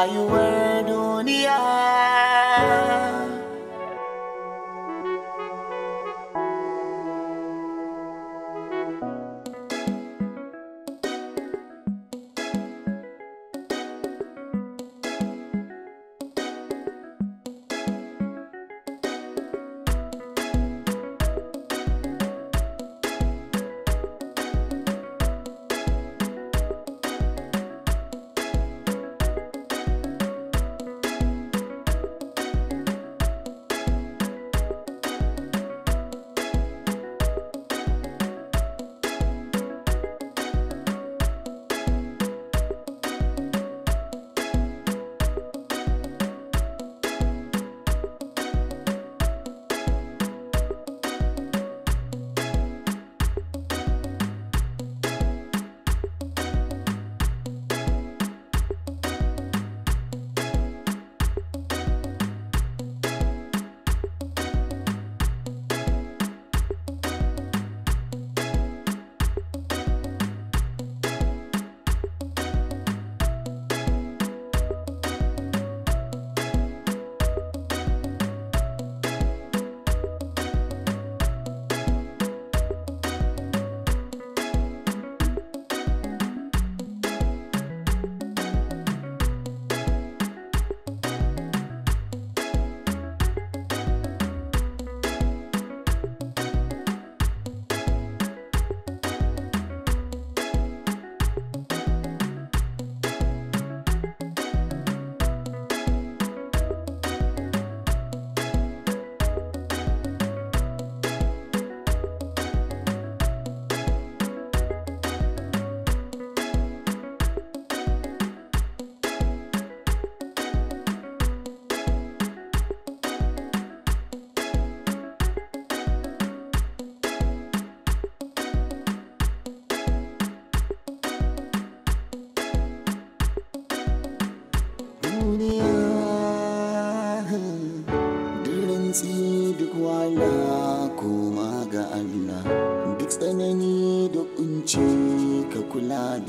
Are you were.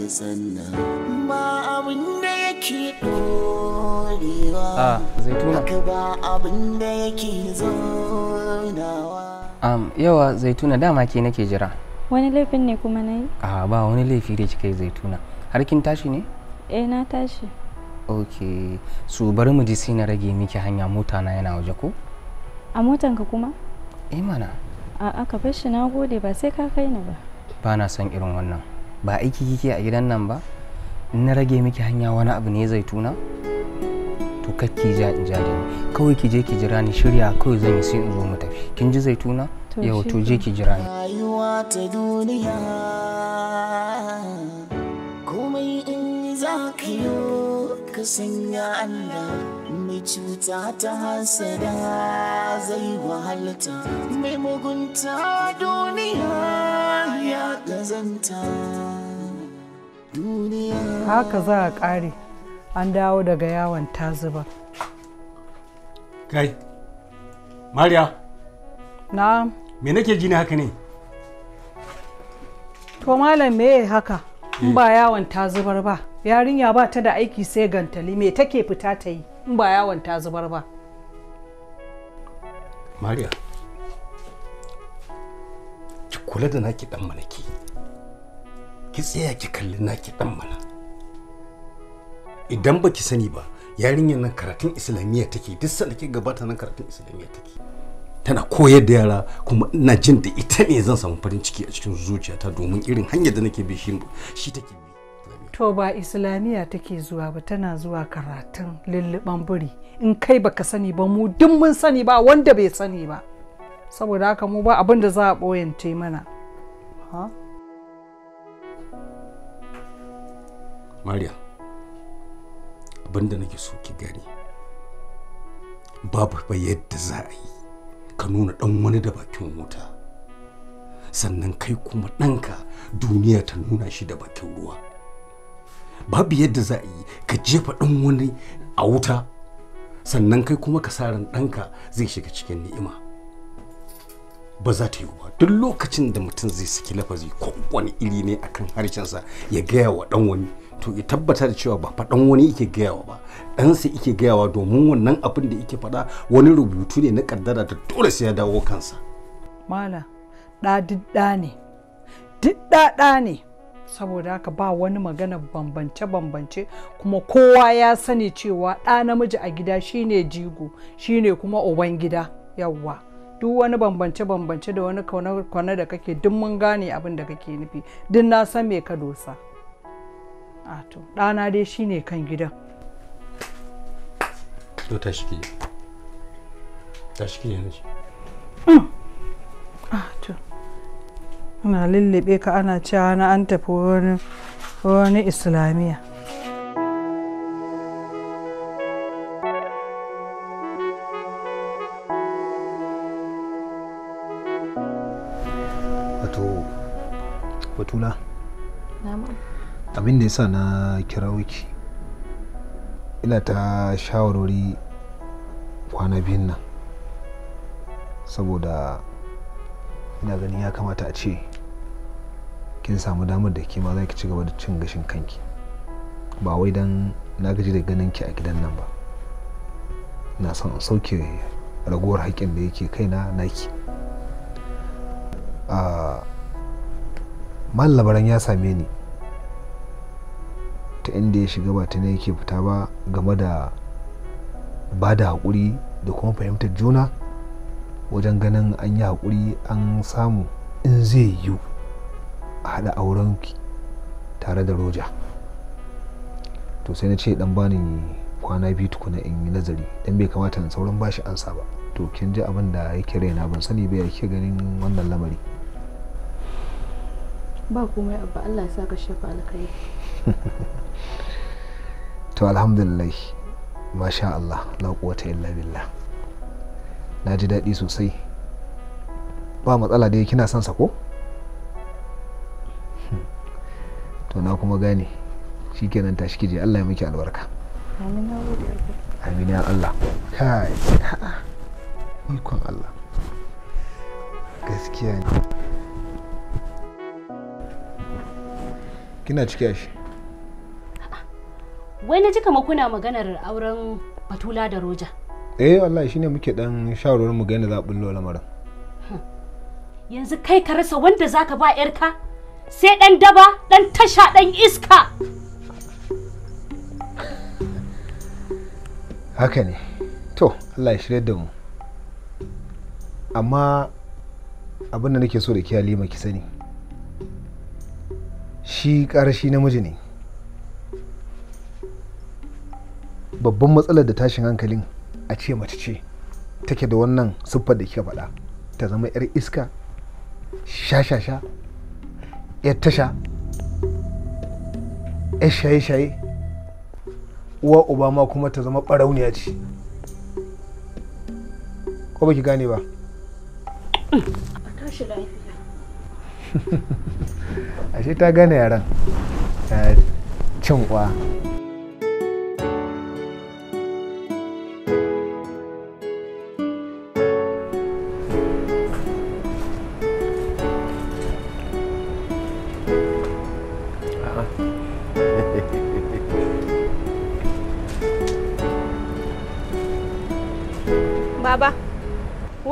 sannan ba abin da yake dorewa ah, haka ba abin da yake zaunawa um, yawa zaituna dama ke nake jira wani laifin ne kuma na yi ah, ba wani laifi da kika yi zaituna har kin tashi ne eh na tashi ok su bari mu ji sai na rage miki hanya mota na yana waje ko a motan ka kuma eh mana a aka bar shi na gode ba sai ka kai ni ba ba na son irin wannan ba aiki kike a gidan nan ba in na rage miki hanya wani abu ne zai tuna to kakki ja in ja da ni kawai ki je ki jira ni shirya kawai zan yi sai in zo mu tafi kin ji zai tuna yau to je ki jira ni za ka yi ka sanya Allah mai cuta ta hasada zai wahalta mai mugunta duniya ya gazanta duniya haka za a ƙare an dawo daga yawon ta zuba. kai mariya na me nake ji ne haka ne to malam me haka in ba eh. yawon ta zubar ba yarinya ba ta da aiki sai gantali me take fita ta yi in ba yawon ta zubar ba mariya ki kula da naki dan mana ki ki tsaya ki kalli naki dan mana idan ba ki sani ba yarinyar nan karatun islamiyya take duk sanda ki gabata nan karatun islamiyya take tana koyar da yara kuma ina jin da ita ne zan samu farin ciki a cikin zuciyata domin irin hanyar da nake bi shi take to ba islamiyya take zuwa ba tana zuwa karatun lulluban buri in kai baka sani ba mu duk mun sani ba wanda bai sani ba saboda haka mu ba abin da za a boyance mana mariya abin da nake so ki gani babu ba yadda za a yi ka nuna ɗan wani da bakin wuta sannan kai kuma ɗanka duniya ta nuna shi da bakin ruwa babu yadda za a yi ka jefa faɗin wani a wuta sannan kai kuma ka sa ran ɗanka zai shiga cikin ni'ima ba za ta yi ba duk lokacin da mutum zai saki lafazi ko wani iri ne akan harshensa ya gaya wa ɗan wani to ya tabbata da cewa ba faɗan wani yake gayawa ba ɗansa yake gayawa domin wannan abin da yake faɗa wani rubutu ne na kaddara da dole sai ya dawo kansa mala ɗa ne duk ɗa ne saboda haka ba wani magana bambance-bambance kuma kowa ya sani cewa ɗa namiji a gida shine jigo shine kuma uban gida yawwa duk wani bambance-bambance da wani kwana da kake duk mun gane abin da kake nufi duk na san me ka dosa to ɗana dai shine kan gidan to mm. to ana lullube ka ana cewa na an tafi wani wani islamiyya wato batula abin da ya sa na kira wiki ina ta shawarwari kwana biyun nan saboda ina ganin ya kamata a ce kin samu damar da ke ma za ki ci gaba da cin gashin kanki ba wai don na gaji da ganin ki a gidan nan ba na son in sauke ragowar haƙƙin da yake na naki ah, mal labaran ya same ni ta inda ya shiga ba ta ne yake fita ba game da ba da haƙuri da kuma fahimtar juna wajen ganin an yi haƙuri an samu in zai yiwu a haɗa auren tare da roja to sai na ce dan bani kwana biyu tukuna in yi nazari dan bai kamata in sauran bashi ansa ba to kin ji abin da yake raina ban sani bai yake ganin wannan lamari ba komai abba Allah ya saka shafa alkai to alhamdulillah masha Allah la quwwata illa billah na ji daɗi sosai ba matsala dai kina son sa ko to na kuma gane shi kenan tashi kije Allah ya miki albarka amin ya Allah kai ikon Allah gaskiya ne kina ciki shi wai na ji kama kuna maganar auren batula da roja eh wallahi shine muke dan shawarwar mu ga yadda za a bullo lamarin yanzu kai ka rasa wanda zaka ba yarka sai ɗan daba ɗan tasha ɗan iska haka ne to allah ya shirya da mu amma abin da nake so da halima ki sani shi ƙarashi namiji ne babban matsalar da tashin hankalin a ce mace ce take da wannan siffar da kika faɗa ta zama 'yar iska sha-sha-sha yar tasha yar shaye-shaye uwa uba kuma ta zama barauniya ce ko baki gane ba ashe ta gane yaran cin kwa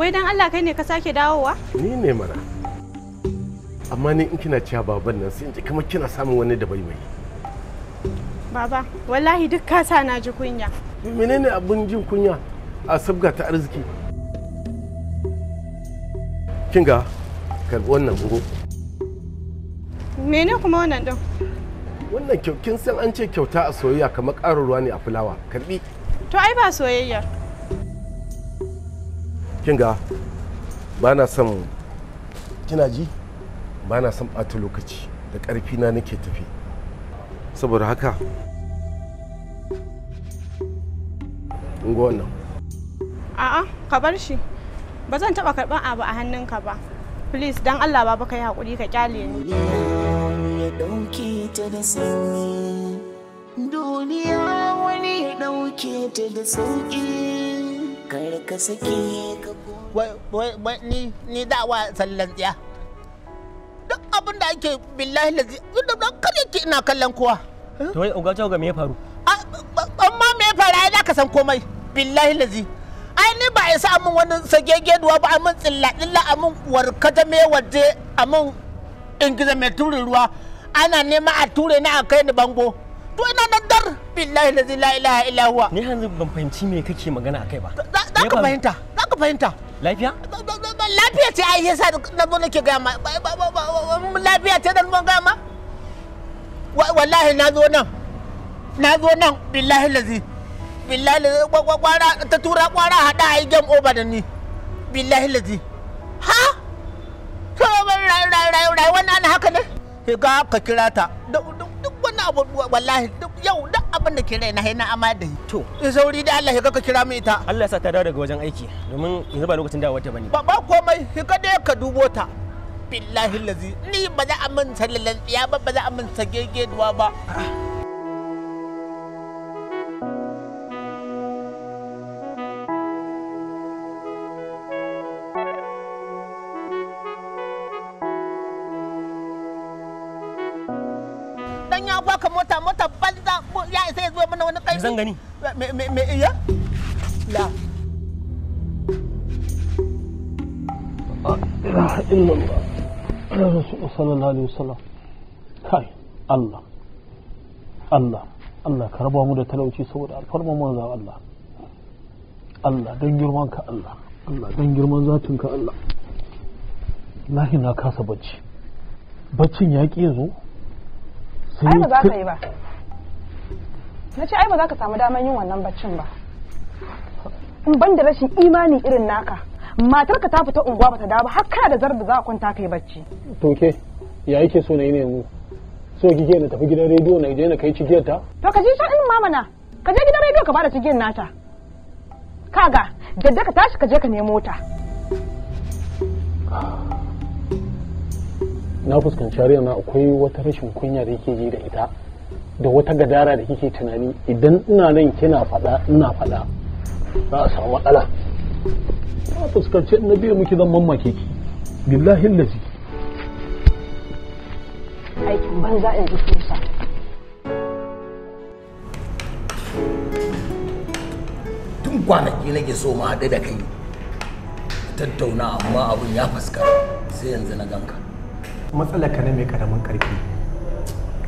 Wai dan Allah kai ne ka sake dawowa? Ni ne mana. Amma ni in kina cewa baban nan sai in ji kamar kina samun wani da bai bai. Baba, wallahi duk ka sa na ji kunya. Menene abun jin kunya a sabga ta arziki? Kinga, karɓi wannan buhu. Mene kuma wannan ɗin? Wannan kyau, kin san an ce kyauta a soyayya kamar ƙarin ruwa ne a fulawa, karɓi. To ai ba soyayya. kinga ba na son kina ji ba na son ɓata lokaci da ƙarfi na nake tafi saboda haka ungo wannan a'a ka bar shi ba zan taɓa karɓar abu a hannunka ba please don allah baba kai yi haƙuri ka kyale ni duniya wani ya ɗauke ta da sauƙi kar ka sake wai ni ni dawa sallan tsiya duk abin da ake billahi da inda dan kare ki ina kallon kowa to wai uga ga me ya faru amma me ya faru ai da ka san komai billahi lazi ai ni ba isa amin wani duwa ba amin tsilla tsilla amin warkata me waje amin ingiza mai turin ruwa ana nema a ture ni a kai ni bango to ina nan dar billahi lazi la ilaha illa ni yanzu ban fahimci me kake magana akai ba za ka fahimta za ka fahimta lafiya lafiya ce ai yasa na zo nake ga ma lafiya ce da mun ga ma wallahi na zo nan na zo nan billahi lazi billahi lazi kwara ta tura kwara hada ai game over da ni billahi lazi ha to rayuwar na haka ne ka kira ta wallahi yau duk abin da ke rai na na amma da to in sauri da Allah ka kira mu ita Allah ya sa ta dawo daga wajen aiki domin yanzu ba lokacin dawo ta bane ba ba komai ka da ka dubo ta billahi lazi ni ba za a min sallalan ya ba ba za a min duwa ba me zan gani me me me iya la ilaha illallah kai Allah Allah Allah ka raba mu da talauci saboda alfarma manzo Allah Allah don girman ka Allah Allah don girman zatin ka Allah lahi na kasa bacci baccin ya ƙi zo sai ba ka yi ba na ce ai ba za ka samu daman yin wannan baccin ba in ban da rashin imani irin naka matar ka ta fita unguwa bata da ba har kana da da za a kwanta kai bacci to ke ya yake so na yi ne so gige na tafi gidan rediyo na je na kai cikiyar ta to ka ji in mamana ka je gidan rediyo ka bada cikiyar nata kaga jadda ka tashi ka je ka nemo ta na fuskanci na akwai wata rashin kunya da yake yi da ita da wata gadara da kike tunani idan ina nan kina faɗa ina faɗa za a samu matsala ta fuskanci na biya muke zan mamake ki billahi lazi aikin banza in ji kusa tun kwanaki nake so mu haɗu da kai tattauna amma abun ya fuskara sai yanzu na ganka matsalar ka ne mai karamin karfi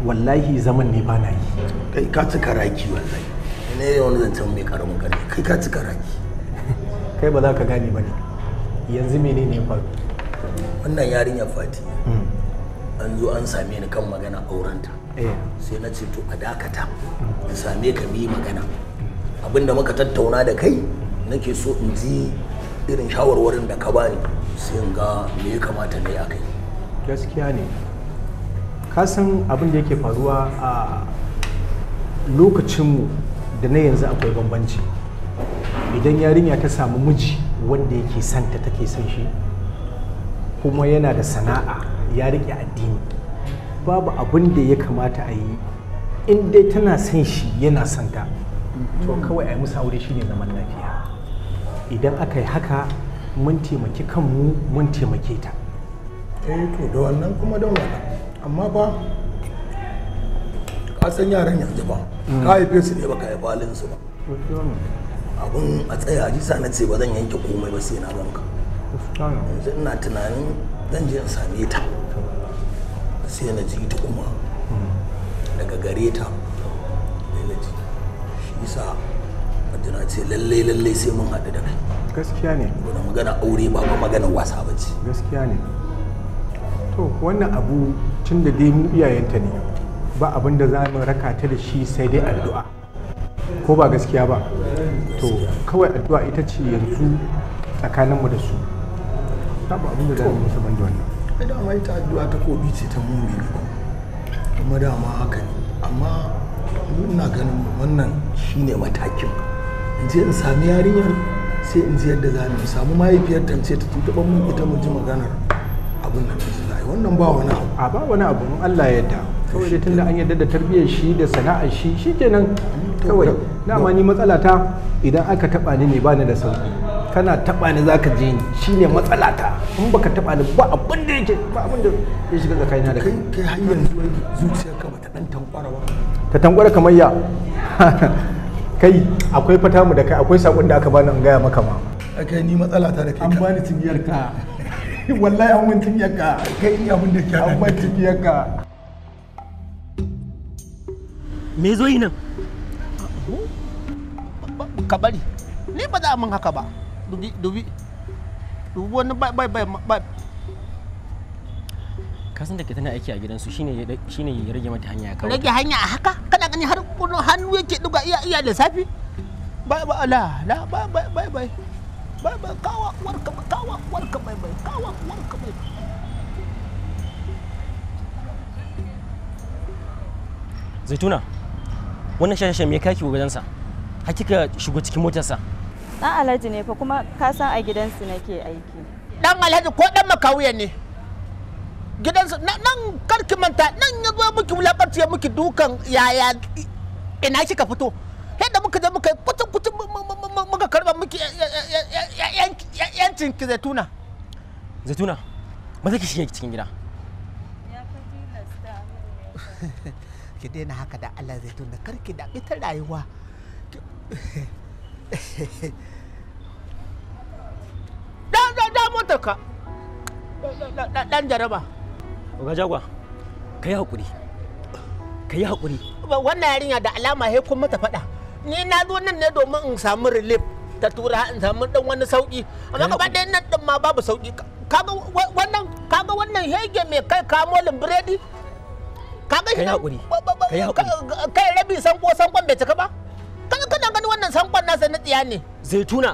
wallahi zaman ne ba na yi kai ka cika raki wallahi ne wani zancen mai karamin ƙarfi kai ka cika raki kai ba za ka gane ba ne yanzu mene ne faru wannan ya fati hmm. an zo an same ni kan magana aurenta eh. sai na ce to a dakata in same ka bi magana abinda muka tattauna da kai nake so in ji irin shawarwarin da ka bani sai in ga me ya kamata na yi a kai gaskiya ne ka san abin da yake faruwa a lokacinmu da na yanzu akwai bambanci idan yarinya ta samu miji wanda yake santa take son shi kuma yana da sana'a ya riƙe addini babu abin da ya kamata a yi in dai tana son shi yana santa to kawai a yi musu aure shine zaman lafiya idan aka yi haka mun taimaki kanmu mun taimake ta eh to da wannan kuma don wannan amma ba ka san yaran yanzu ba mm. ka haife su ne ba ka yi balin su ba abun a tsaya ji sa na ce ba zan yanke komai ba sai na banka yanzu ina tunanin zan je in same ta sai na ji ta kuma daga gare ta sai na ji shi sa Madina ce lalle lalle sai mun haɗu da kai gaskiya ne wani magana aure ba ba magana wasa ba ce gaskiya ne to wannan abu tun da dai mu iyayenta ne ba abin da za mu raka ta da shi sai dai addu'a ko ba gaskiya ba to kawai addu'a ita ce yanzu tsakaninmu da su babu abin da za mu musu ban da wannan dama ita addu'a ta kobi ce ta ko kuma dama haka ne amma ina ganin wannan shine matakin in je in sami yarinyar sai in ji yadda za mu samu mahaifiyar tance ta tuntuɓa mun ita mu ji maganar abin da wannan ba wani abu a ba wani abu in Allah ya yarda kawai dai da an yarda da tarbiyyar shi da sana'ar shi shikenan kawai dama ni matsala ta idan aka taba ni ne ba ni da sauki kana taba ni zaka je ni shine matsala ta in baka taba ni ba abin da yake ba abin da ya shiga tsakanina da kai kai har yanzu zuciyarka ta dan tankwarawa ta tankwara kamar ya kai akwai fata mu da kai akwai sakon da aka bani an gaya maka ma kai ni matsala ta da kai an bani cibiyar ka wallahi an mun tinyarka kai ni mun da kyau an mun tinyarka me zo yi nan ka bari ni ba za a min haka ba dubi dubi dubi wani bai bai bai bai ka san da ke tana aiki a gidansu shine shine ya rage mata hanya kawai rage hanya a haka kana gani har hannu yake duga iya iya lissafi bai bai la la bai bai bai mai mai kawa warka mai kawa warka mai mai kawa warka mai zaituna wannan shashashen me kaki wajensa hakika shigo cikin motarsa dan alhaji ne fa kuma ka san a gidansu nake aiki dan alhaji ko dan makawuya ne gidansu nan karki manta nan ya zo miki wulakanci ya muki dukan yaya ina kika fito yadda muka je muka kutun kutun muka karba muke yancin ki zaituna zaituna ba ki shige cikin gida ki daina haka da Allah zaituna karki da ita rayuwa dan dan dan motarka dan jaraba ga jagwa kai hakuri kai hakuri wannan yarinya da alama he kun mata faɗa ni na zo nan ne domin in samu relief ta tura in samu dan wani sauki amma eh. gaba ɗaya nan din ma babu sauki kaga wannan kaga wannan hege mai kai kamo biredi kaga shi hakuri kai hakuri kai rabi sanko sankon bai cika ba kaga kana gani wannan sankon nasa na tsiya ne zaituna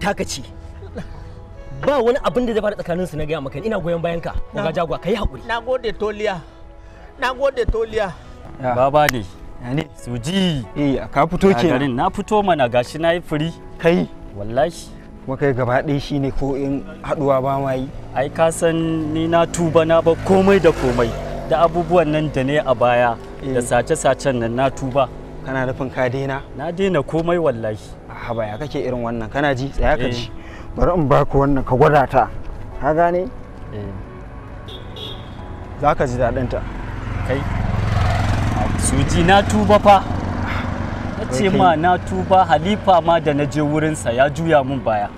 Takaci ba wani abin da zai fara tsakanin su na gaya maka ina goyon bayan ka ga jagwa kai hakuri nagode toliya nagode toliya baba ne yani suji eh ka fito ke garin na fito mana gashi na yi firi kai wallahi kuma kai gaba ɗaya shine ko in haduwa ba ma yi ai ka san ni na tuba na ba komai da komai da abubuwan nan da ne a baya eh. da sace-sacen nan na tuba kana nufin ka daina na daina komai wallahi a baya kake irin wannan kana ji tsaya ka eh. ji bari in baka wannan ka gwada ta ka gane eh. za ka ji daɗinta kai suji na tuba fa na ce ma na tuba halifa ma da na je wurinsa ya juya mun baya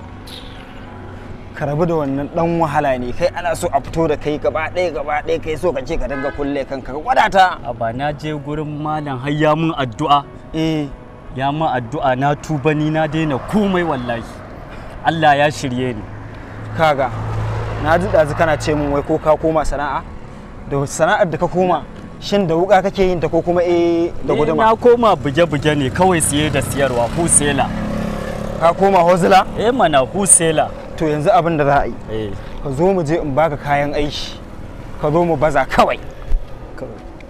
ka rabu da wannan dan wahala ne kai ana so a fito da kai gaba ɗaya gaba ɗaya kai so ka ce ka dinga kulle kanka ka wadata a ba na je gurin malam har ya mun addu'a eh ya mun addu'a na tuba ni na daina komai wallahi Allah ya shirye ni kaga na ji ɗazu kana ce min wai ko ka koma sana'a da sana'ar da ka koma shin da wuka kake yin ta ko kuma eh da eh, guduma na koma buge-buge ne kawai siye da siyarwa husela ka koma hozula. eh mana husela to yanzu abin da za a yi eh. ka zo mu je in baka kayan aiki ka zo mu baza kawai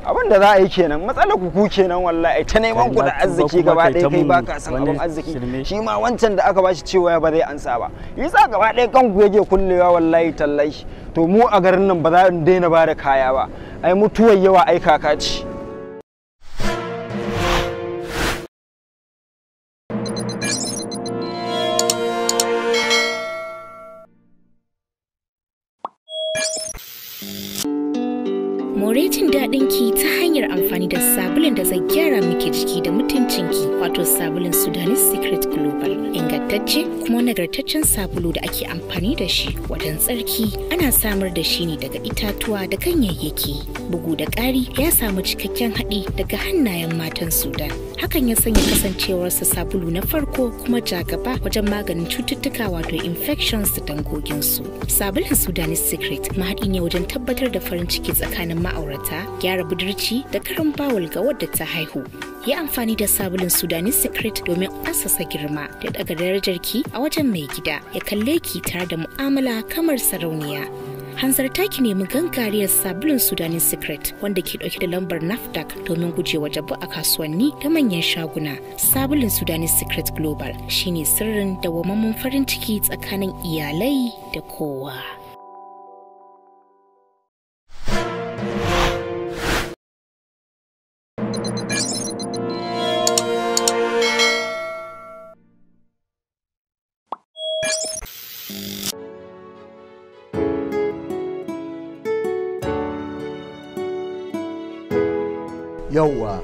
abin da za a yi kenan matsalar kuku kenan wallahi ta neman ku da arziki gaba ɗaya kai ba ka san abin arziki shi ma wancan da aka ba shi cewa ba zai ansa ba sa gaba ɗaya kanku yake kullewa wallahi tallahi to mu a garin nan ba za mu daina ba da kaya ba ai mutuwar yawa ai kaka ce more jin daɗin ki ta hanyar amfani da sabulun da zai gyara miki jiki da mutuncin ki wato sabulun Sudanese Secret Global. Ingantacce kuma nagartaccen sabulu da ake amfani da shi wajen tsarki ana samar da shi ne daga itatuwa da ganyayyaki. Bugu da ƙari ya samu cikakken haɗi daga hannayen matan Sudan. hakan ya sanya kasancewarsa sabulu na farko kuma jagaba wajen maganin cututtuka wato infections da dangoginsu sabulun sudanese secret mahaɗi ne wajen tabbatar da farin ciki tsakanin ma'aurata gyara budurci da karin bawul ga wadda ta haihu yi amfani da sabulun sudanese secret domin asasa girma da daga darajar ki a wajen mai gida ya kalle ki tare da mu'amala kamar sarauniya hanzarta ki nemi gangariyar sabulun sudanin secret wanda ke dauke da lambar nafdac domin gujewa jabu a kasuwanni da manyan shaguna sabulun sudanin secret global shine sirrin dawwamammun farin ciki tsakanin iyalai da kowa yauwa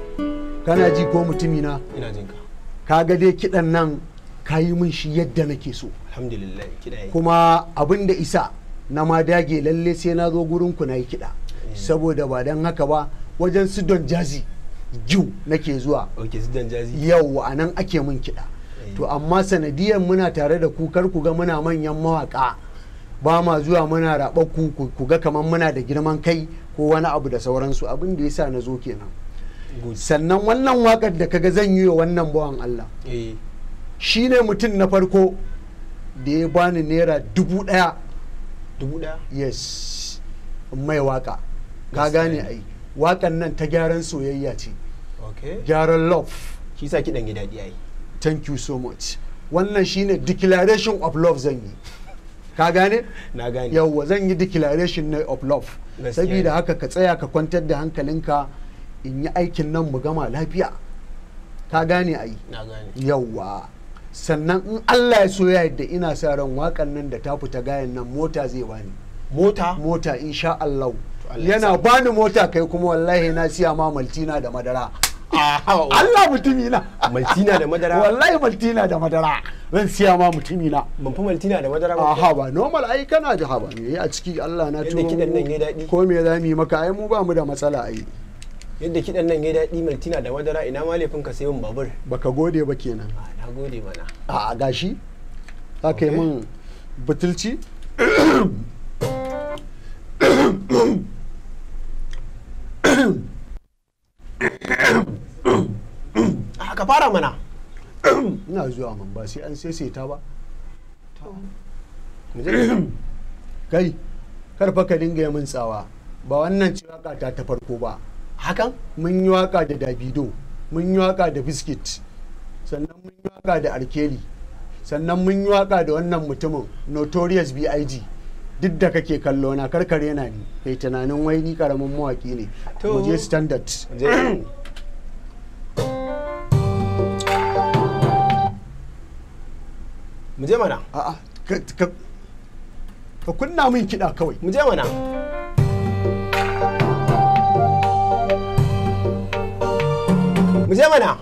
kana ji ko mutumi ina jinka ka ga dai kidan nan ka yi min shi yadda nake so alhamdulillah kida kuma abin da isa na ma dage lalle sai na zo gurin ku nayi yi kiɗa eh. saboda ba dan haka ba wajen su don jazi jiw nake zuwa yau a nan ake mun kida eh. to amma sanadiyar muna tare da ku kar ku ga muna manyan mawaka ba ma zuwa muna raɓa ku ku ga kamar muna da girman kai ko wani abu da sauransu abin da yasa na zo kenan sannan wannan wakar da kaga zan yi wa wannan bawan Allah eh. shi ne mutum na farko da ya bani naira dubu daya dubu daya yes mai waka ka gane ai wakan nan ta gyaran soyayya ce gyaran love shi sa kiɗan gida ai thank you so much wannan shine declaration of love zan yi ka gane na gane yawwa zan yi declaration of love saboda haka ka tsaya ka kwantar da hankalinka in yi aikin nan mu gama lafiya ka gane na gane yawa. sannan in allah ya so ya yadda ina sa ran wakan nan da ta fita gayan nan mota zai bani mota mota insha allah yana bani mota kai kuma wallahi na siya ma maltina da madara Allah mutumi na. Maltina da madara. Wallahi maltina da madara. Zan siya ma mutumi na. Ban fi maltina da madara ba. ha ba normal ai kana ji ba Me a ciki Allah na tuwo. Ko me za mu yi maka ai mu ba mu da matsala ai. yadda kiɗan nan ya daɗi maltina da madara ina ma laifin ka sayin babur baka gode ba kenan ah, na gode mana a gashi za ka yi min butulci ah, ka fara mana ina zuwa man ba sai an saisaita ba kai karfa ka dinga yi min tsawa ba wannan ciwaka ta ta farko ba hakan mun yi waka da davido mun yi waka da biskit sannan mun yi waka da arkeli sannan mun yi waka da wannan mutumin notorious big duk da kake kallo na karkare na ni kai tunanin wai ni karamin mawaki ne muje je standard mu je mana a'a ka kunna min kiɗa kawai mu je mana mu je mana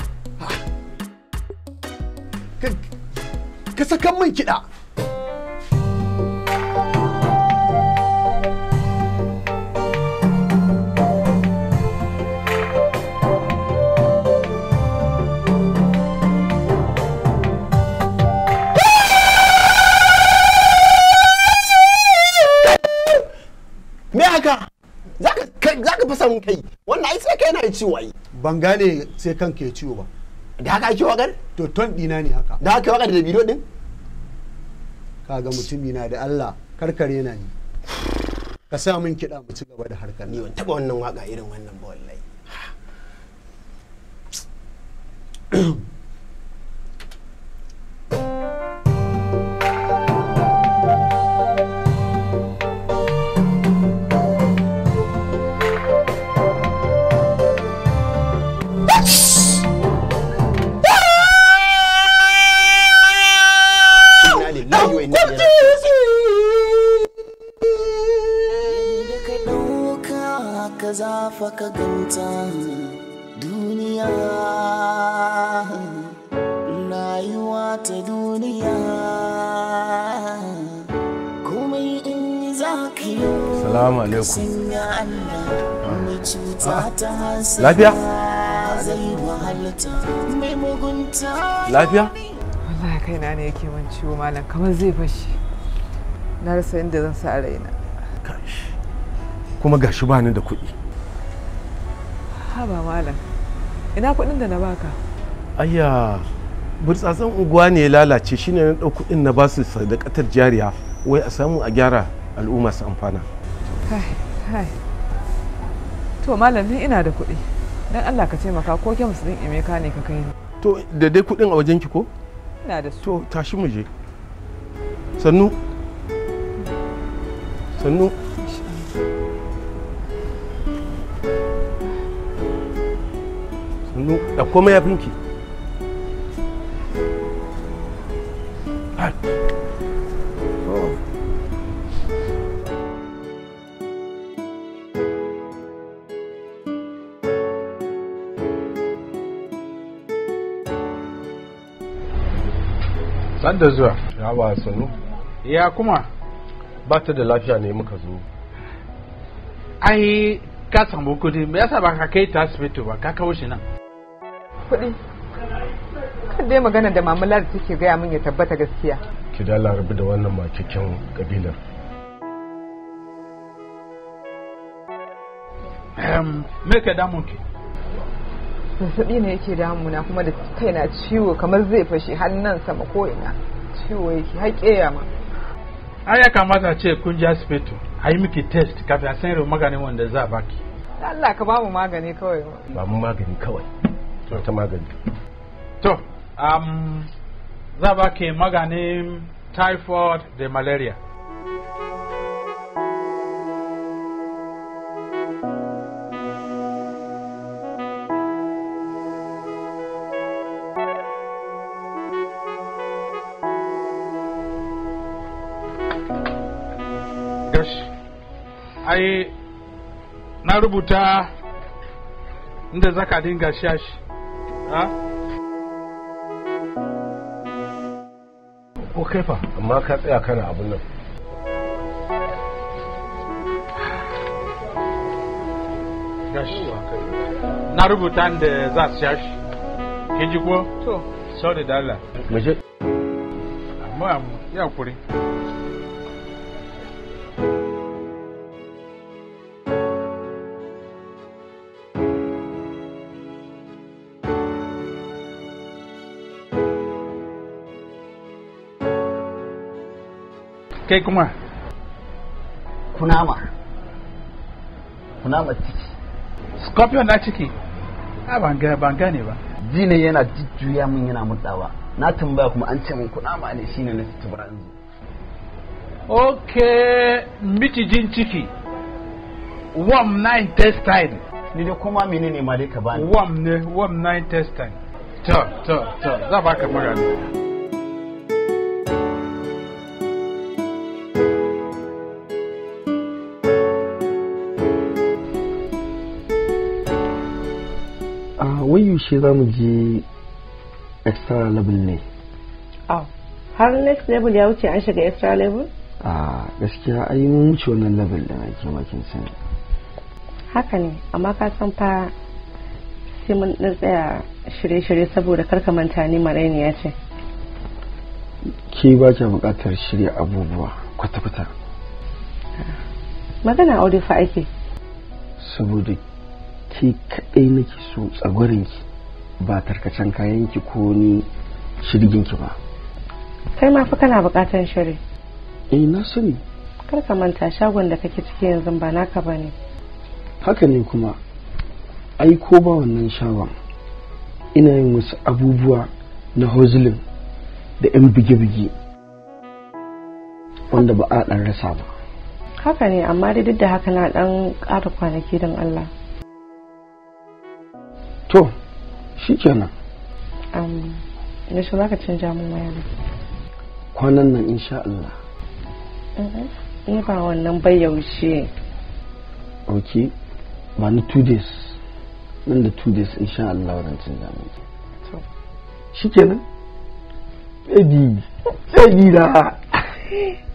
ka sakan min kiɗa me haka ka fasa kai wannan ai sai kai na ciwo ai ban gane sai kanka ya ciwo ba da haka ake wakar to ton dina ne haka da haka wakar da bidiyo din kaga mutumi na da Allah karkare na ni ka sa min kiɗa mu ci gaba da harkar ni taba wannan waka irin wannan ba wallahi ka zafa ka ganta duniya rayuwa ta duniya komai in yi za ka yi salamu alaikum ah, lafiya lafiya wallahi kaina ne yake min ciwo malam kamar zai fashe na rasa inda zan sa raina kuma gashi ba ni da kuɗi ba malam ina kuɗin da na baka ayya burtsatsen unguwa ne ya lalace shine na ɗau kuɗin na basu sadakatar jariya wai a samu a gyara al'umma su amfana kai kai to malam ni ina da kuɗi dan Allah ka taimaka ko ke musulun emeka ne ka kai ni to da dai kuɗin a wajen ki ko ina da su to tashi mu je sannu sannu nu da komai ya finki zuwa. sanu. Ya kuma? Ba ta da lafiya ne muka zo. Ai, ka samu kudi, me yasa ba ka kai ta asibiti ba, ka kawo shi nan. kuɗi kan dai magana da mamular da take gaya min ya tabbata gaskiya ki da rabu da wannan makikin kabilar ehm, me ka damun ki zazzabi ne yake damuna kuma da kaina ciwo kamar zai fashe har nan sama ko ina ciwo yake haƙe ya ma ai ya kamata ce kun ji asibiti a yi miki test kafin a san irin maganin wanda za a baki Allah ka ba mu magani kawai ba mu magani kawai ta magani to um, za ba ke maganin typhoid da malaria ai na rubuta inda zaka dinga shashi ko kai fa amma ka tsaya kana abun nan na rubuta da za su sha shi ke ji ko? to sau da dala amma ya kuri kai kuma kunama kunama ciki scorpion na ciki a ban gane ba jini yana jujjuya min yana murdawa na tambaya kuma an ce min kunama ne shine na tubura yanzu ok mitijin ciki warm nine intestine ni dai kuma menene ma dai ka bani warm ne warm nine intestine to to to za ba ka magana shi za mu ji extra level ne oh, har next level ya wuce an shiga extra level a gaskiya ai mun wuce wannan level da ke makin sani haka ne amma ka san fa sai mun dan tsaya shirye-shirye saboda karka manta ni ya ce ki ba ke bukatar shirya abubuwa kwata-kwata magana aure fa ake saboda ki kaɗai nake so ki. ba tarkacen kayanki ko ni shirginki ba kai ma fa kana bukatar shiri eh na sani kar ka manta shagon da kake ciki yanzu ba naka bane haka ne kuma ai ko ba wannan shagon ina yin wasu abubuwa na hozulin da 'yan bige-bige wanda ba a dan rasa ba haka ne amma dai duk da haka na dan ƙara kwanaki don allah to shikenan um yaushe za ka canja mun waya ne kwanan nan insha Allah mm-hmm. in ba wannan bai yaushe ok ba ni two days nan da two days insha Allah wannan canja mun shikenan baby baby na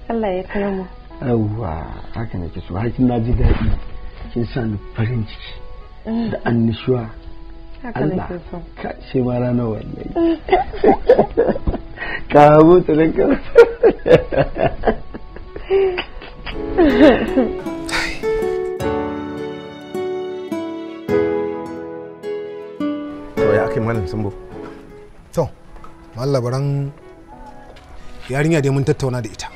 Allah ya kai mu yawwa haka nake so hakin na ji daɗi kin sa ni farin ciki mm. da annishuwa Allah ka shi ma rana wallahi ka mutu da ka to ya kai malam sambo to ran yarinya dai mun tattauna da ita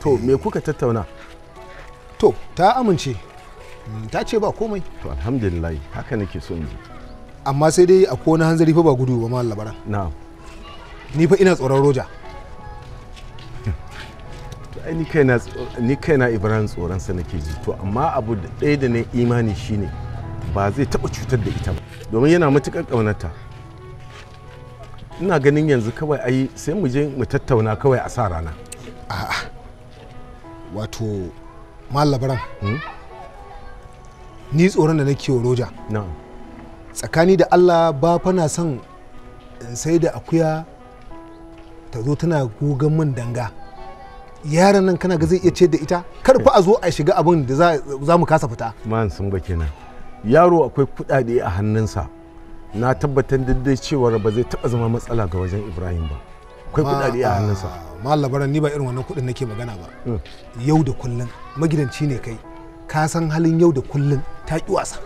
to me kuka tattauna to ta amince Mm, ta ce ba komai to alhamdulillah haka nake so in ji amma sai dai a wani hanzari fa ba gudu ba mallam labaran na'am ni fa ina tsoron roja to ai ni kaina ni kaina ibrahim tsoron sa nake ji to amma abu da ɗaya da ne imani shine ba zai taɓa cutar da ita ba domin yana matuƙar ƙaunarta ina ganin yanzu kawai ai sai mu je mu tattauna kawai a sa rana a'a wato mallam labaran hmm? ni tsoron da nake wa roja tsakani da allah ba fana son in sai da akuya ta zo tana gogon min danga yaran nan kana ga zai iya ce da ita kar fa a zo a shiga abin da za mu kasa fita man sun ba kenan yaro akwai kudade a hannunsa na tabbatar da dai cewa ba zai taba zama matsala ga wajen ibrahim ba akwai kudade a hannunsa ma labaran ni ba irin wannan kudin nake magana ba hmm. yau da kullun magidanci ne kai ka san halin yau da kullum ta ƙi wasa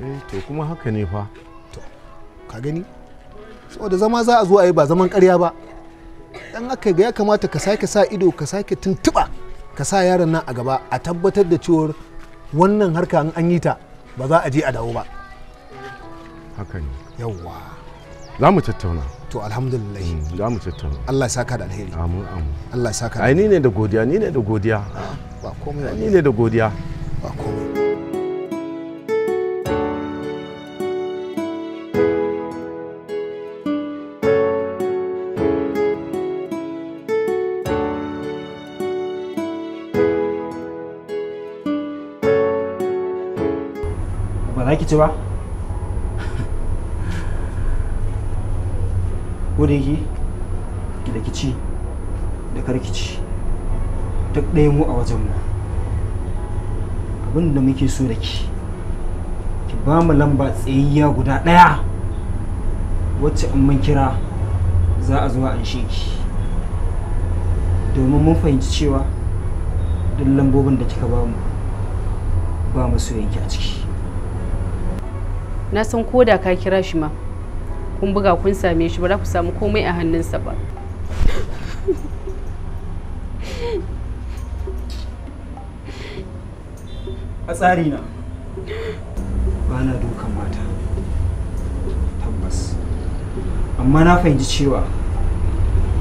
eh to kuma haka ne fa to ka gani saboda zama za a zo a yi ba zaman ƙarya ba dan aka ga ya kamata ka sake sa ido ka sake tuntuɓa ka sa yaron nan a gaba a tabbatar da cewar wannan harka an an yi ta ba za a je a dawo ba haka ne yawwa za mu tattauna to alhamdulillah hmm, za mu tattauna Allah ya saka da alheri amin amin Allah ya saka ai ni ne da godiya ni ne da godiya ba komai ni ne da godiya ba komai ki ci ba? Ko da yake, da ki da ci. duk ɗaya mu a wajenmu mu da muke so da ki ki ba mu lamba tsayayya guda ɗaya wacce in mun kira za a zuwa an ki domin mun fahimci cewa duk lambobin da kika ba mu ba mu so yanki a ciki na san ko da ka kira shi ma kun buga kun same shi ba za ku samu komai a hannunsa ba a tsari na ba na dukan mata tabbas amma na fahimci cewa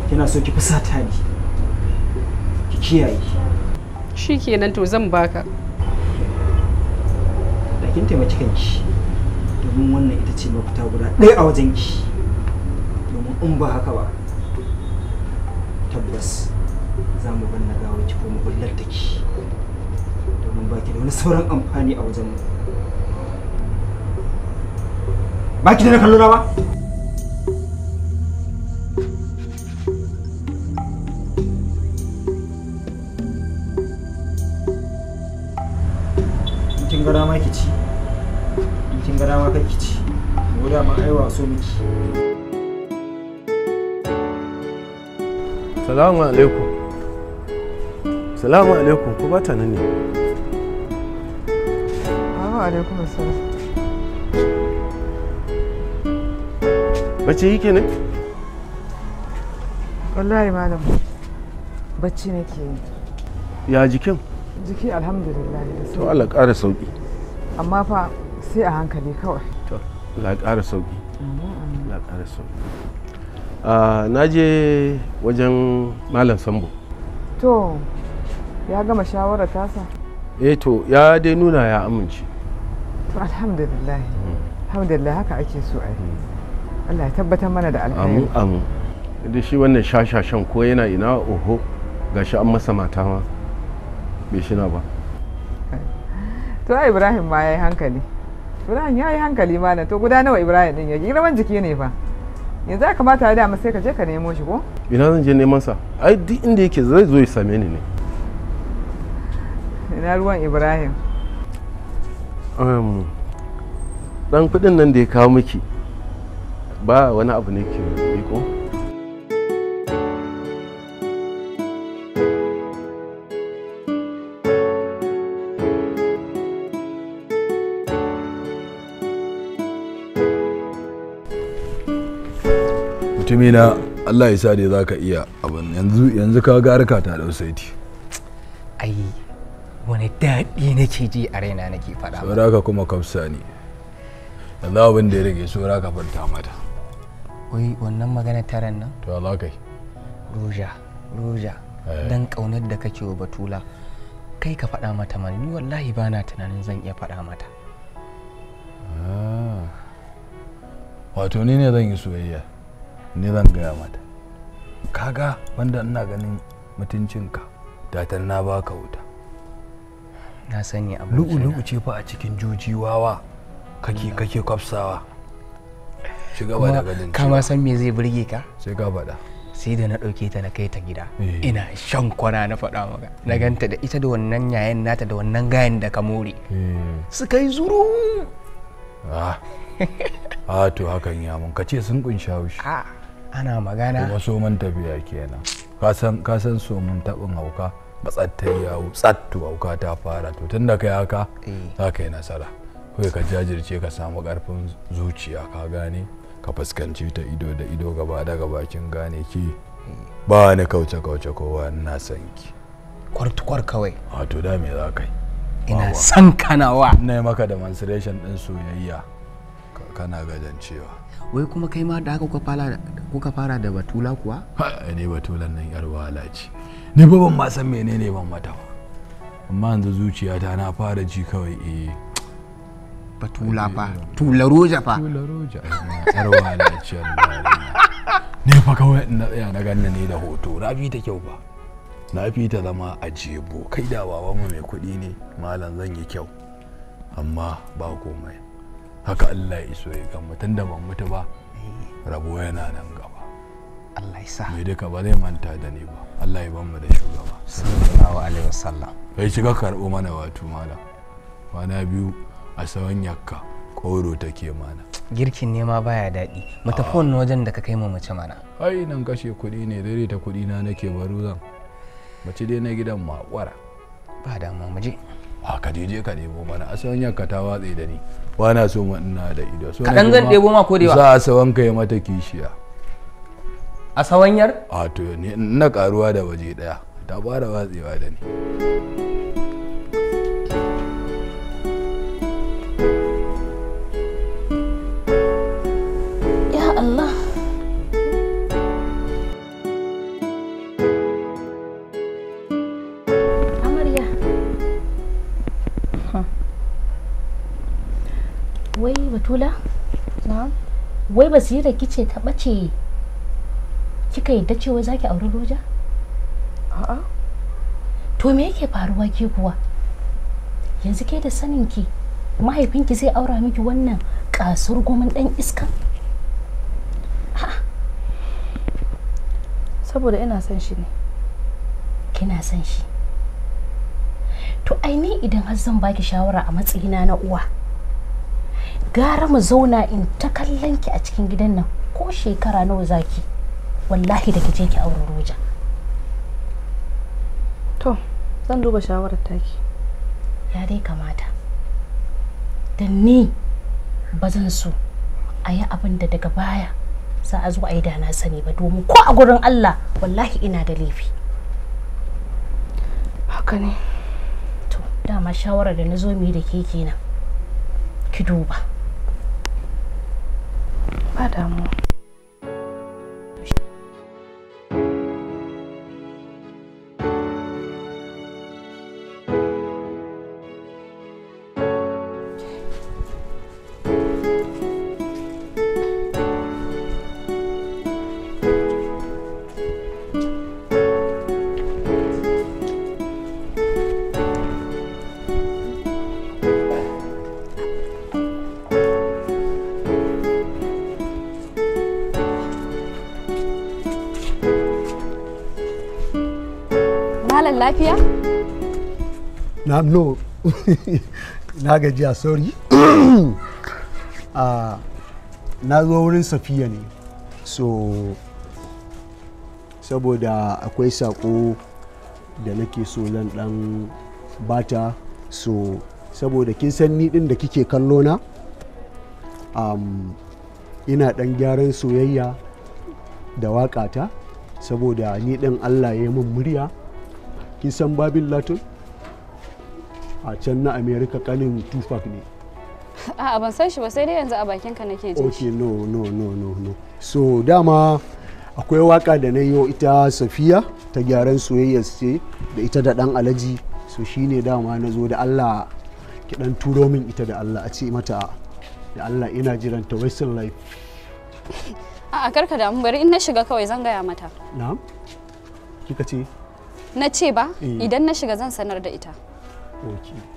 kina so ki ta ni ki kiyaye shi kenan to zan baka da kin taimaki kanki domin wannan ita ce mafita guda ɗaya a wajen ki domin in ba haka ba tabbas za mu ban na gawo ki ko mu bullar da ki domin ba da wani sauran amfani a wajenmu. Baki da na kallo na ba kin gara ma ki ci kin gara ma kai ki ci ko da ma aiwa so miki salamu alaikum salamu alaikum ko ba ta nan ne ne kuma assalam bacci yake ne wallahi malam bacci nake yi ya jikin jiki alhamdulillah da to Allah ƙara sauƙi amma fa sai a hankali kawai to Allah ƙara sauƙi Allah ƙara sauƙi sauki na je wajen malam sambo to ya gama shawarar tasa eh to ya dai nuna ya amince to alhamdulillah hmm. alhamdulillah haka ake so a hmm. Allah ya tabbatar mana da alkhairi amin amin da shi wannan shashashan ko yana ina oho gashi an masa mata ma bai na ba to Ibrahim ma yayi hankali Ibrahim yayi hankali ma to guda nawa Ibrahim din ya girman jiki ne fa yanzu ya kamata ya dama sai ka je ka nemo shi ko ina zan je neman sa ai duk inda yake zai zo ya same ni ne ina ruwan Ibrahim dan kudin nan da ya kawo miki ba wani abu ne ke riko mutumina allah ya sa dai za ka iya abin yanzu ka ga ta da usaiti daɗi nake ji a raina nake faɗa saura ka kuma kamsa ne yanzu abin da ya rage sauraka ka farta mata wai wannan magana taran nan to Allah kai roja roja eh. dan kaunar da kake wa batula kai ka faɗa mata mani ni wallahi ba na tunanin zan iya faɗa mata ah. wato ni ne zan yi soyayya ni zan gaya mata kaga wanda ina ganin mutuncinka datar na baka wuta na sani abu lu'u-lu'u ce fa a cikin jujiwawa kake mm. kake kwafsawa shiga ba da gadin ka ma san me zai burge ka sai ka faɗa sai da na ɗauke ta na kai ta gida eh. ina shan kwana na faɗa maka na ganta da ita da wannan yayan nata da wannan gayan da ka more eh. su yi zuru ah. ah to hakan ya mun kace sun kunsha wushi ah, ana magana kuma so man tafiya kenan ka san ka san so mun tabin hauka matsar ta yawo auka ta fara to tun da kai haka eh. za ka yi nasara kawai ka jajirce ka samu karfin zuciya ka gane ka fuskanci ta ido da ido gaba da gabakin gane ki eh. ba ni kauce kauce kowa ina son ki kwartukwar kawai a to da me za ka yi ina son kanawa na yi maka demonstration din soyayya kana gajancewa wai kuma kai ma da haka kuka fara da batula kuwa ha ne batulan nan yar wahala ce ni ba ban ma san menene ban mata ba amma yanzu zuciyata na fara ji kawai eh ba tula fa eh, tula roja fa tula roja ne eh, fa kawai na tsaya na ganna ne da hoto na ta kyau ba na fi ta zama a jebo kai da baba mu mai kuɗi ne malam zan yi kyau amma ba komai haka Allah ya iso ya gamu da ban mutu ba rabo yana nan ga Allah ya sa mai duka ba zai manta da ni ba Allah ya ban mu da shugaba sallallahu alaihi wasallam kai shiga karbo mana wato mala kwana biyu a sawan yakka koro take mana girkin ne ma baya daɗi matafi ah. wannan wajen da ka kai mu mace mana ai nan kashe kuɗi ne dare ta kuɗi na nake baro zan mace dai na gidan makwara ba damuwa mu je a ka je je ka debo mana a sawan yakka ta watse da ni ba na so mu ina da ido so ka dan zan ɗebo ma ko da yawa za a sawan kai mata kishiya a sawanyar? a to ne na karuwa da waje daya ta fara watsewa da ni wai batula wai basira kice ta ɓace kika yadda cewa za ki auri roja? a'a to me yake faruwa ke kuwa yanzu ke da sanin ki mahaifinki zai aura miki wannan kasuwar gomin dan iska saboda ina son shi ne kina son shi to aini idan har zan baki shawara a matsayina na uwa gara mu zauna in ta kallon ki a cikin gidan nan ko shekara nawa zaki wallahi da kije ki aure roja to zan duba shawarar taki ya dai kamata da ni bazan so a yi abin da daga baya za a zo a yi da na sani ba domin ko a gurin Allah wallahi ina da laifi haka ne to dama shawarar da na zo da ke kenan ki duba ba damuwa lafiya? Na no. na gajiya sorry. uh, na zo wurin safiya ne. So saboda akwai sako da nake so zan dan bata so saboda kin san ni din da kike kallo na um, ina dan gyaran soyayya da waƙata saboda ni din Allah ya yi min murya kin san babin latin a can na america kanin tufak ne a ban san shi ba sai dai yanzu a bakin ka nake jin okay no no no no no so dama akwai waka da na yi ita safiya ta gyaran soyayya ce da ita da dan alaji so shine dama na zo da allah ki dan turo min ita da allah a ce mata da allah ina jiran ta western life a karka damu bari in na shiga kawai zan gaya mata na'am kika ce na ce ba eh. idan na shiga zan sanar da ita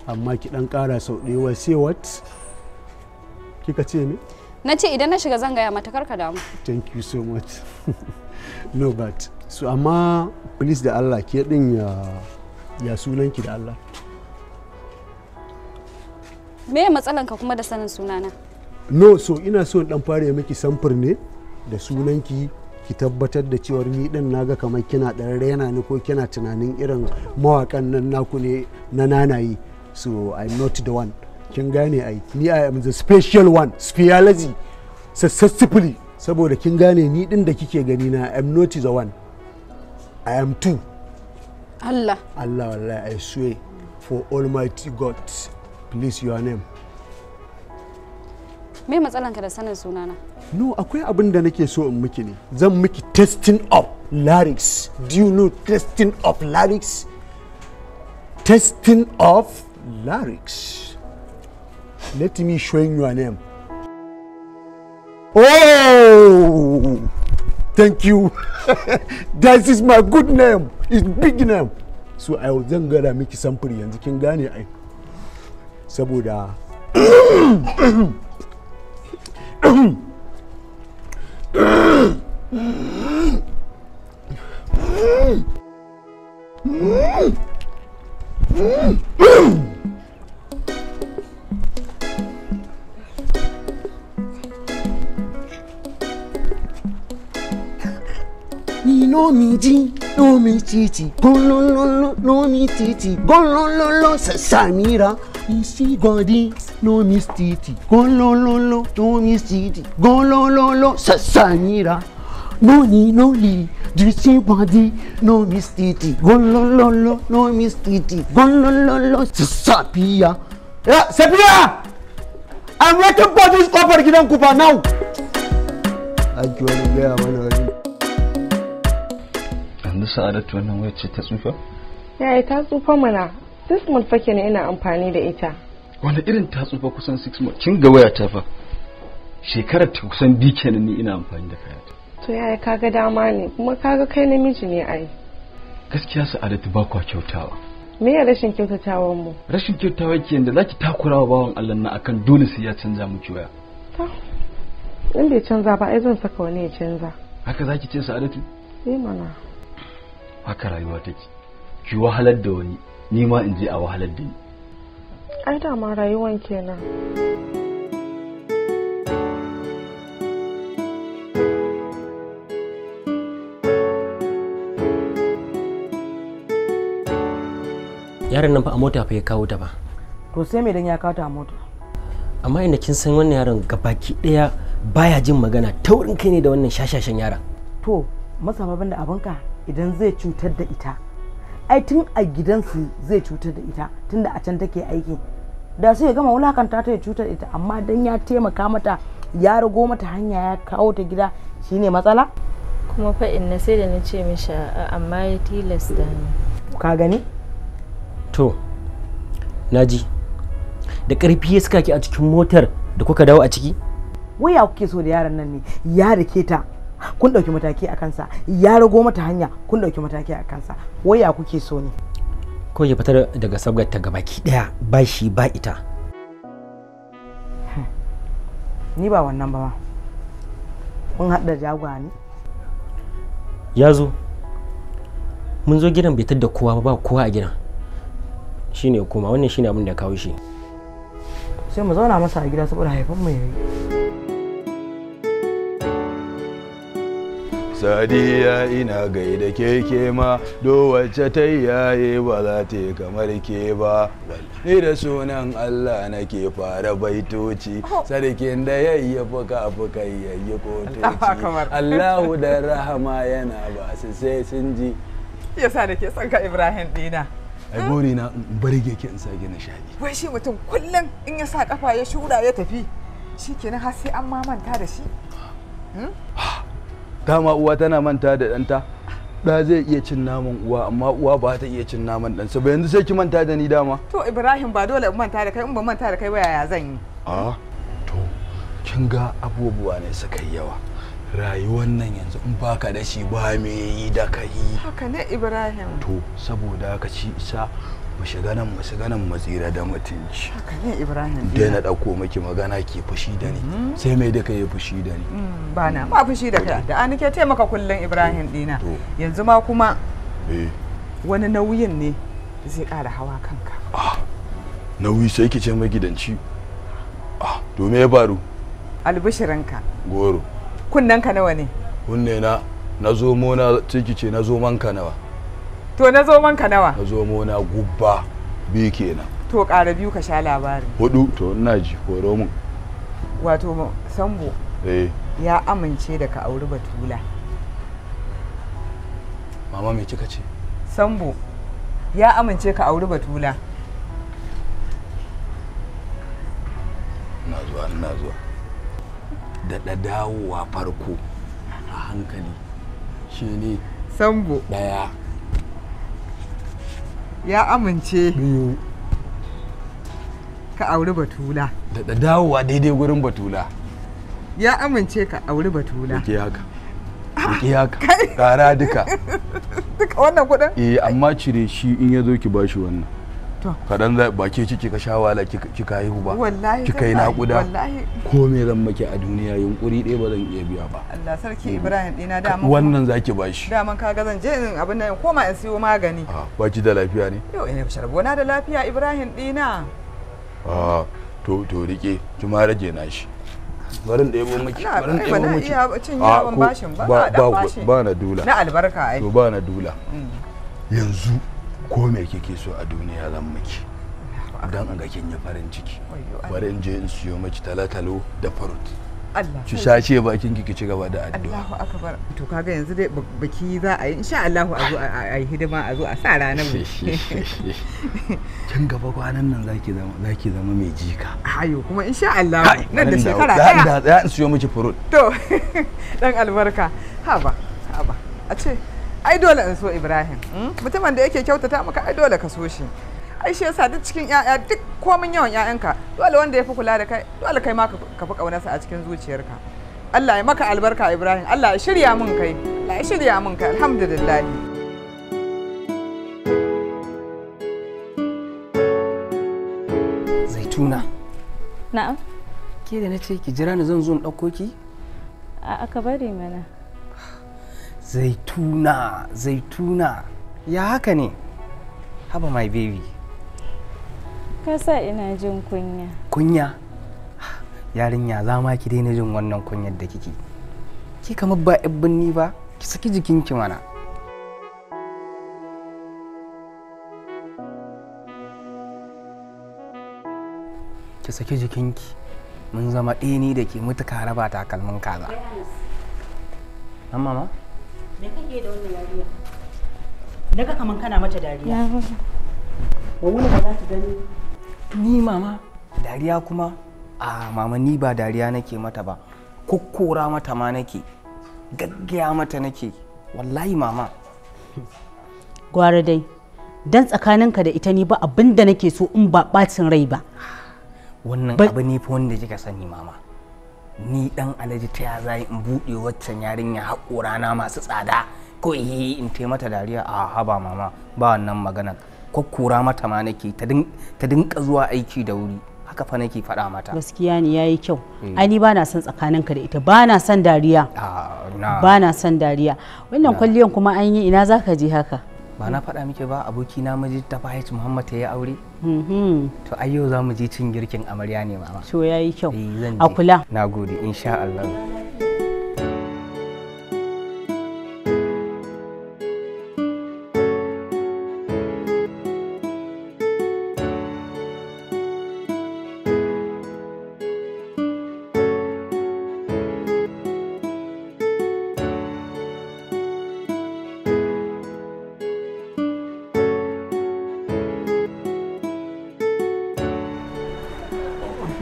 amma ki dan kara sau ɗaya wa what kika ce ne na ce idan na shiga zan gaya mata karka damu thank you so much no but so amma please da Allah ke din ya ya ki da Allah me matsalanka kuma da sanin sunana no so ina so dan fara miki samfur ne da sunanki ki tabbatar da cewar ni din naga kamar kina dan yana ni ko kina tunanin irin mawakan nan naku ne na nanayi so i'm not the one kin gane ai ni i am the special one speciality successfully saboda kin gane ni din da kike gani na i'm not the one i am two Allah Allah wallahi i swear for almighty god please your name me matsalanka da sanin sunana no akwai abin da nake so in miki ne zan miki testing of larynx do you know testing of larynx testing of larynx let me show you your name oh thank you that is my good name it's big name so i zan gara miki samfuri yanzu kin gane ai saboda títí lómi títí isi godi no mistiti golololo no mistiti golololo sasanira noni noli disi godi no mistiti golololo no mistiti golololo sasapiya. Yeah, Sapiya! I'm waiting for this copper gidan kufa now. Ajiwani gaya mana wani. Yanzu sa'adatu wannan wacce ta tsufa? Yaya ta tsufa mana six month fa kenan ina amfani da ita wani irin tatsu fa kusan six month kin ga waya ta fa shekarar ta kusan bi kenan ni ina amfani da kayata to yaya kaga dama ne kuma kaga kai namiji ne ai gaskiya sa'adatu ba kwa kyautawa me ya rashin kyautatawar mu rashin kyautawa ke yanda zaki takura wa bawan Allah na akan dole sai ya canza miki waya in bai canza ba ai zan saka wani ya canza haka zaki ce sa'adatu eh mana haka rayuwa take ki wahalar da wani ni ma in je a wahalar da ni ai ma rayuwan kenan yaron nan fa a mota fa ya kawo ta ba to sai me dan ya kawo ta a mota amma inda kin san wannan yaron gabaki daya baya jin magana taurin kai ne da wannan shashashan yaron to masa abin da abinka idan zai cutar da ita ai tun a gidansu zai cutar da ita tunda a can take aiki da sai ya gama wulakanta ta ya cutar ita amma dan ya taimaka mata ya rago mata hanya ya kawo ta gida shine matsala kuma fa na sai da na ce mishi amma ya tilasta ni ka gani to naji da karfi ya saka ki a cikin motar da kuka dawo a ciki waya kuke so da yaran nan ne ya rike ta kun ɗauki mataki a kansa ya rago mata hanya kun ɗauki mataki a kansa waya kuke so ne ko ya fitar daga sabgar ta gabaki daya ba shi ba ita hmm. ni ba wannan ba ma mun haɗa jagwa ne ya zo mun zo gidan bai da kowa ba kowa a gidan shine kuma wannan shine abin da kawo shi sai mu zauna masa a gida saboda haifan mu yayi sadiya ina gaida keke ma do wacce ta yaye ba za ta kamar ke ba ni da sunan Allah nake fara baitoci sarkin da yayye fuka fuka yayye kotoci Allahu da rahama yana ba su sai sun ji sa da ke son ka Ibrahim dina ai gori na barge ki in sage na shaɗi wai shi mutum kullum in ya sa kafa ya shura ya tafi shikenan har sai an mamanta da shi hmm? dama uwa tana manta da ɗanta da zai iya cin naman uwa amma uwa ba ta iya cin naman ɗansa ba yanzu sai ki manta da ni dama to ibrahim ba dole in manta da kai in ba manta da kai ba yaya zan yi a to kin ga abubuwa ne suka yi yawa rayuwar nan yanzu in baka da shi ba me yi da kai haka ne ibrahim to saboda ka ci isa shiga nan mu shiga nan mu tsira da mutunci haka ne ibrahim da na dauko miki magana ki fushi da ni mm-hmm. sai mai da kai fushi da ni mm, ba na ma fushi da kai da an ke taimaka kullun ibrahim dina yanzu ma kuma eh. wani nauyin ne zai kara hawa kanka ah nauyi sai ki ce gidanci ah to me ya faru albishirinka goro kunnanka nawa ne kunne na na zo mona ciki ce na zo manka nawa to na zoman ka nawa na zomo na gubba bi kenan to ƙara biyu ka sha labarin hudu to ina ji koro mun wato sambo eh ya amince da ka auri batula mama me kika ce sambo ya amince ka auri batula ina zuwa ina zuwa da dawowa farko a hankali shi ne sambo daya ya amince biyu ka auri batula da dawowa daidai gurin batula ya amince ka auri batula ke haka ah, ke haka kara duka duka wannan kudin eh amma cire shi in ya zo ki bashi wannan kaɗan za ba ke kike ka shawala kika haihu ba kika yi naƙuda ko me zan maki a duniya yunƙuri ɗaya ba zan iya biya ba Allah sarki Ibrahim ɗina da mun wannan zaki bashi da mun kaga zan je in abin nan koma in siyo magani ah, ba ki da lafiya ne yau eh, ina sharbo na da lafiya Ibrahim ɗina ah to to rike ki ma rage na shi barin da yabo maki barin da yabo maki a ko ba na dula na albarka ai to ba na dula mm. yanzu ko me kike so a duniya zan miki don an ga kin yi farin ciki bari in je in siyo miki talatalo da Allah ki sace bakin ki ci gaba da addu'a Allahu akbar to kaga yanzu dai baki za a yi insha Allah a zo a yi hidima a zo a sa ranar mu kin gaba kwanan nan zaki zama zaki zama mai jika ayo kuma insha Allah nan da shekara daya da da in siyo miki fruit to dan albarka haba haba a ce ai dole in so ibrahim mutumin da yake kyautata maka ai dole ka so shi ai shi yasa duk cikin yaya duk komin yawan yayanka dole wanda yafi kula da kai dole kai ma ka fi kaunarsa a cikin zuciyarka Allah ya maka albarka Ibrahim Allah ya shirya mun kai Allah ya shirya mun kai alhamdulillah Zaituna Na'am ke da na ce ki jira ni zan zo in dauko ki a aka bari mana zaituna zaituna ya haka ne haba my baby kasa ina jin kunya kunya yarinya za ma ki daina jin wannan kunyar da kike ki kamar ba yan ni ba ki saki jikinki mana ki saki jikinki mun zama ɗini da ke mutu ka raba takalmin kaza. Amma ma? Me kake da wannan yariya? Naga kaman kana mata dariya. Ba wani ba za ta gani. Ni mama dariya kuma a mama ni ba dariya nake mata ba. Kokkora mata ma nake. Gaggaya mata nake. Wallahi mama. Gwara dai. Dan tsakaninka da ita ni ba abinda nake so in ba ɓacin rai ba. Wannan abu ne fa wanda kika sani mama. ni dan alaji ta ya za in buɗe waccan yarinya na masu tsada ko yi eh, eh, in te mata dariya a ah, haba mama ba wannan magana ko mata ma nake ta dinka zuwa aiki da wuri haka fa nake faɗa mata gaskiya ne yayi kyau eh. ai ni bana son tsakaninka da ita bana son dariya bana ah, son dariya wannan kwalliyan kuma an yi ina zaka je haka ba na faɗa miki ba aboki na miji ta fahici muhammad ta yi aure mm-hmm. to ai yau za mu je cin girkin amarya ne mama to yayi kyau eh, a kula na gode insha allah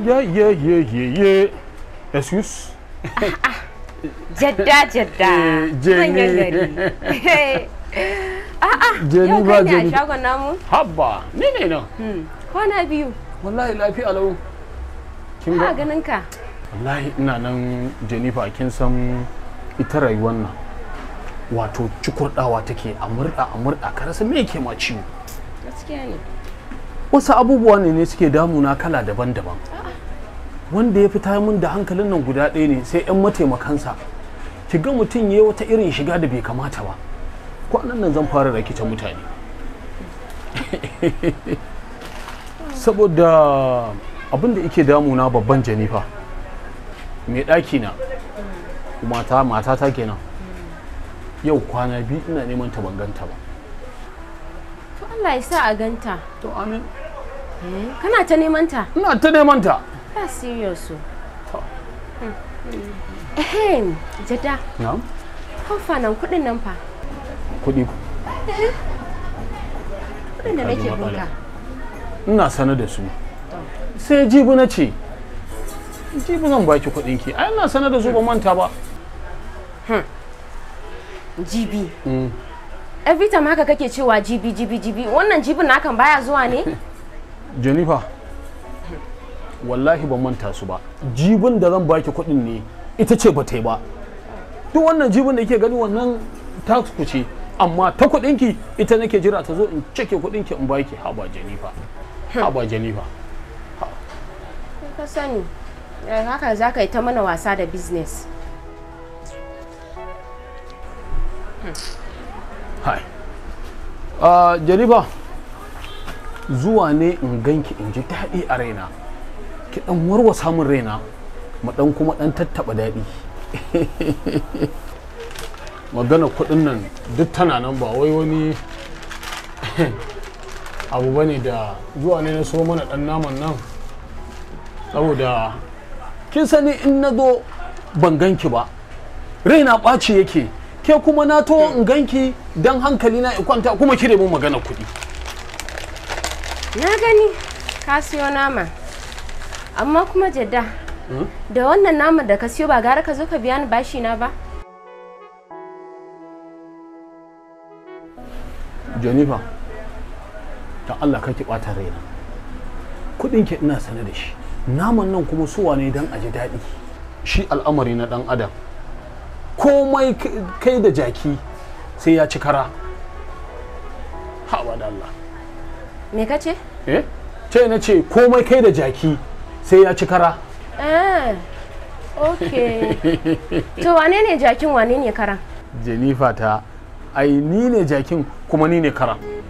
yeah, yeah, yeah, yeah, yeah. Excuse? Jadda, jadda. Eh, Jenny. A'a, ah, ah. yau kai ne a shagon namu? Habba, ni ne na. Hmm. Kwana biyu. Wallahi lafiya lau. Kin ga? ganin ka. Wallahi ina nan Jennifer kin san ita rayuwar nan. Wato cikurdawa take a murda a murda ka me yake ma ciwo. Gaskiya ne. Wasu abubuwa ne ne suke damuna kala daban-daban. wanda ya fita min da hankalin nan guda ɗaya ne sai 'yan mataimakansa ki ga mutum ya wata irin shiga da bai kamata ba kwanan nan zan fara rakita mutane saboda abin da yake damuna babban janifa mai ɗaki na mata ta kenan yau kwana biyu ina neman ta ban ganta ba to Allah ya sa a ganta to amin eh, kana ta neman ta ina ta neman ta ba serious so to ehem jada far now? Could you number? nan fa Could you da nake boka Na sanar da su sai jibu na ce jibu zan baki kudin ki ai na sanar da su ba manta ba hmm. jibi hmm. every time haka kake cewa jibi jibi jibi wannan jibin nakan baya zuwa ne jennifer wallahi ban manta su ba jibin da zan baki kuɗin ne ita ce ba ta yi ba duk wannan jibin da yake gani wannan tax ku ce amma ta kuɗinki ita nake jira ta zo in cike kuɗinki in baki hmm. ha ba janifa ha ba janifa ka sani eh, haka za ka yi ta mana wasa da business hai hmm. ah, janifa zuwa ne in ganki in ji daɗi a raina ki dan warwa samun raina mu dan kuma dan tattaba daɗi magana kuɗin nan duk tana nan ba wai wani abu ba da zuwa ne na so mana ɗan naman nan saboda kin sani in na zo ban ganki ba raina ɓaci yake ke kuma na to in ganki don hankali na kwanta kuma kire mu magana kuɗi na gani ka siyo nama amma kuma jadda hmm? da wannan naman da ka siyo ba gara ka zo ka biya ni bashi na ba jennifer ta allah ka ki ɓata raina kudin ki ina sane da shi naman nan kuma suwa ne don aji daɗi shi al'amari na ɗan adam komai kai da jaki sai ya ci kara haɓa da allah me ka ce? eh ce na ce komai kai da jaki sai ya ci kara ah okay to wane ne jakin wane ne karan jenifa ta ai ni ne jakin kuma ni ne kara